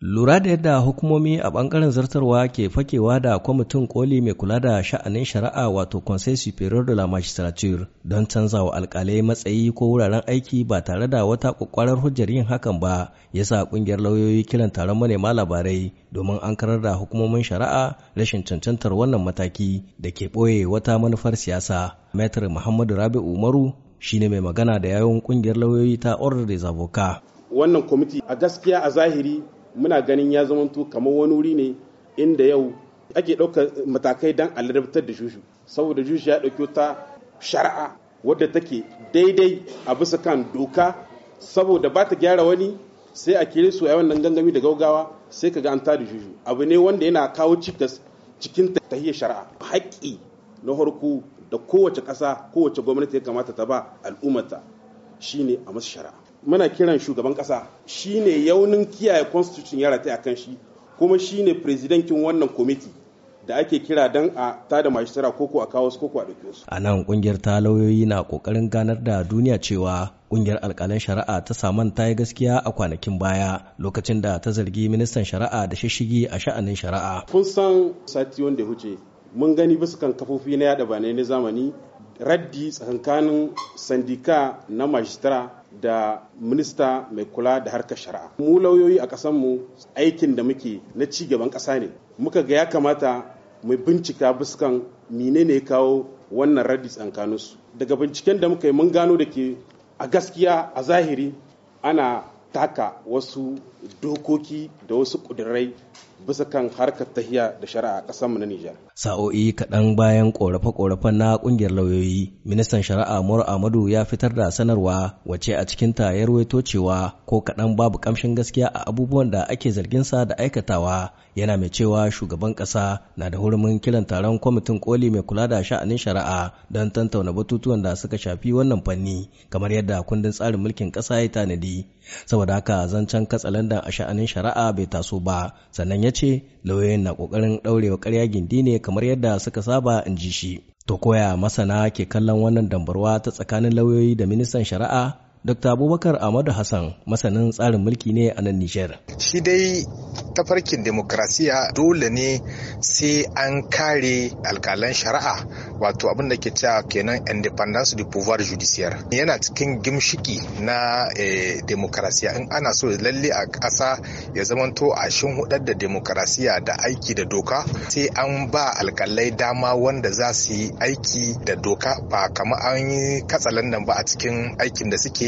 Lura da yadda hukumomi a ɓangaren zartarwa ke fakewa da kwamitin koli mai kula da sha'anin shari'a wato Conseil Superior de la Magistrature don canza wa alkalai matsayi ko wuraren aiki ba tare da wata kwakwarar hujjar yin hakan ba ya sa ƙungiyar lauyoyi kiran taron manema labarai domin an karar da hukumomin shari'a rashin cancantar wannan mataki da ke ɓoye wata manufar siyasa. Maitar Muhammadu Rabi Umaru shine mai magana da yawon ƙungiyar lauyoyi ta Order des Avocats. Wannan kwamiti a gaskiya a zahiri muna ganin ya zamanto kamar wani wuri ne inda yau ake ɗaukar matakai don alarabtar da shushu saboda shushu ya ɗauki ta shari'a wadda take daidai a bisa kan doka saboda ba ta gyara wani sai a kere su a wannan gangami da gaugawa sai ka ga an tada shushu abu ne wanda yana kawo cikas cikin tahiyar shari'a haƙƙi na harko da kowace ƙasa kowace gwamnati ya kamata ta ba al'ummata shine a masu shari'a muna kiran shugaban kasa shine yaunin kiyaye constitution ya rataya kan shi kuma shine presidentin wannan kwamiti da ake kira don a tada majistara koko a kawo su koko a dauke su a nan kungiyar ta lauyoyi na kokarin ganar da duniya cewa kungiyar alkalin shari'a ta saman ta yi gaskiya a kwanakin baya lokacin da ta zargi ministan shari'a da shishigi a sha'anin shari'a kun san sati wanda ya wuce. mun gani bisa kan kafofi na yada bane na zamani raddi tsakankanin sandika na majistara da minista mai kula da harkar shari'a mu lauyoyi a ƙasanmu aikin da muke na ci gaban ƙasa ne muka ga ya kamata mu bincika buskan menene ya kawo wannan raddi su daga binciken da muka yi mun gano da ke a gaskiya a zahiri ana taka wasu dokoki da wasu ƙudurai bisa kan harkar tahiya da shari'a a mu na Nijar. Sa'o'i kaɗan bayan ƙorafe-ƙorafen na ƙungiyar lauyoyi, ministan shari'a Mura Amadu ya fitar da sanarwa wace a cikin ta ya ruwaito cewa ko kaɗan babu ƙamshin gaskiya a abubuwan da ake zargin sa da aikatawa yana mai cewa shugaban ƙasa na da hurumin kiran taron kwamitin koli mai kula da sha'anin shari'a don tantauna batutuwan da suka shafi wannan fanni kamar yadda kundin tsarin mulkin ƙasa ya tanadi saboda haka zancen katsalandan a sha'anin shari'a bai taso ba nan ya ce lauyoyin na ƙoƙarin ɗaurewa karya gindi ne kamar yadda suka saba in ji shi to koya masana ke kallon wannan dambarwa ta tsakanin lauyoyi da ministan shari'a Dr. Abubakar Ahmadu Hassan masanin tsarin mulki ne a nan Nijar. Shi dai tafarkin demokrasiya dole ne sai an kare alkalan shari'a wato abin da ke cewa kenan independence du pouvoir judiciaire yana cikin gimshiki na eh, demokrasiya in ana so lalle a ƙasa ya zamanto a shin hudar da demokrasiya da aiki da doka sai an ba alkalai dama wanda za su yi aiki da doka ba kama an yi katsalandan ba a cikin aikin da suke